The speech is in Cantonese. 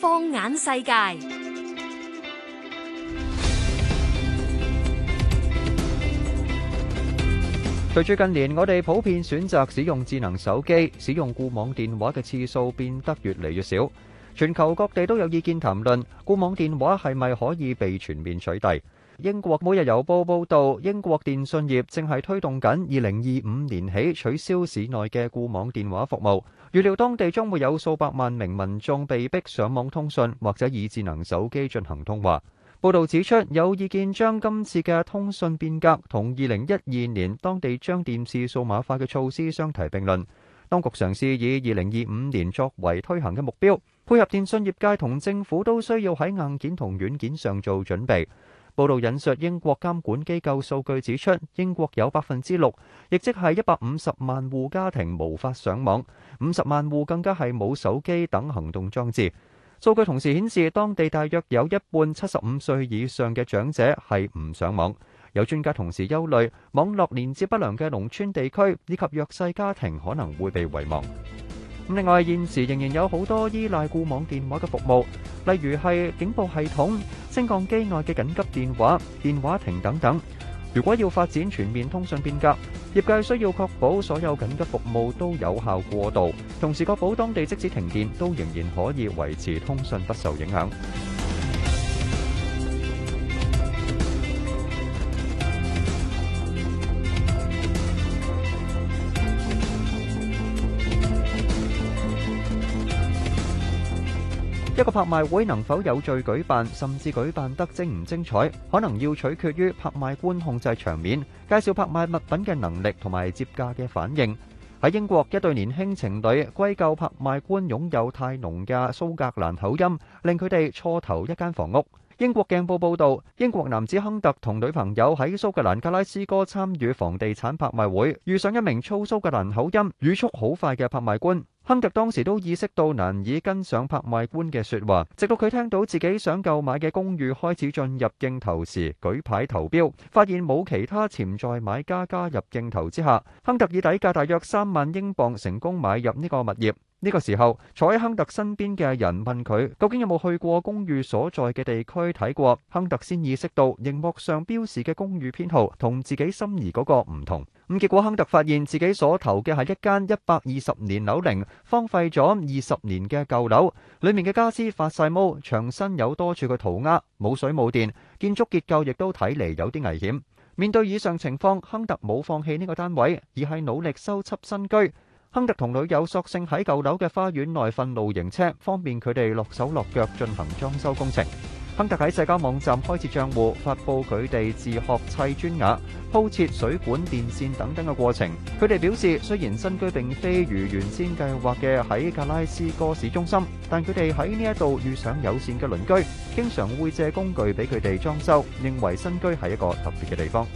放眼世界，隨住近年，我哋普遍選擇使用智能手機，使用固網電話嘅次數變得越嚟越少。全球各地都有意見談論，固網電話係咪可以被全面取締。英國每日郵報報道，英國電信業正係推動緊二零二五年起取消市內嘅固網電話服務。預料當地將會有數百萬名民眾被逼上網通訊，或者以智能手機進行通話。報道指出，有意見將今次嘅通訊變革同二零一二年當地將電視數碼化嘅措施相提並論。當局嘗試以二零二五年作為推行嘅目標，配合電信業界同政府都需要喺硬件同軟件上做準備。報道引述英國監管機構數據指出，英國有百分之六，亦即係一百五十萬戶家庭無法上網，五十萬戶更加係冇手機等行動裝置。數據同時顯示，當地大約有一半七十五歲以上嘅長者係唔上網。有專家同時憂慮，網絡連接不良嘅農村地區以及弱勢家庭可能會被遺忘。另外，現時仍然有好多依賴固網電話嘅服務，例如係警報系統。升降機外嘅緊急電話、電話亭等等，如果要發展全面通訊變革，業界需要確保所有緊急服務都有效過渡，同時確保當地即使停電都仍然可以維持通訊不受影響。一個拍賣會能否有序舉辦，甚至舉辦得精唔精彩，可能要取決於拍賣官控制場面、介紹拍賣物品嘅能力同埋接價嘅反應。喺英國，一對年輕情侶歸咎拍賣官擁有太濃嘅蘇格蘭口音，令佢哋錯投一間房屋。英國鏡報報道，英國男子亨特同女朋友喺蘇格蘭格拉斯哥參與房地產拍賣會，遇上一名粗蘇格蘭口音、語速好快嘅拍賣官。亨特當時都意識到難以跟上拍賣官嘅説話，直到佢聽到自己想購買嘅公寓開始進入競投時舉牌投標，發現冇其他潛在買家加入競投之下，亨特以底價大約三萬英鎊成功買入呢個物業。呢個時候，坐喺亨特身邊嘅人問佢：究竟有冇去過公寓所在嘅地區睇過？亨特先意識到，螢幕上標示嘅公寓編號同自己心儀嗰個唔同。咁、嗯、結果，亨特發現自己所投嘅係一間一百二十年樓齡、荒廢咗二十年嘅舊樓，裡面嘅家私發晒毛，牆身有多處嘅塗鴉，冇水冇電，建築結構亦都睇嚟有啲危險。面對以上情況，亨特冇放棄呢個單位，而係努力修葺新居。亨特同女友索性喺舊樓嘅花園內瞓露營車，方便佢哋落手落腳進行裝修工程。亨特喺社交網站開設賬戶，發佈佢哋自學砌磚瓦、鋪設水管、電線等等嘅過程。佢哋表示，雖然新居並非如原先計劃嘅喺格拉斯哥市中心，但佢哋喺呢一度遇上友善嘅鄰居，經常會借工具俾佢哋裝修，認為新居係一個特別嘅地方。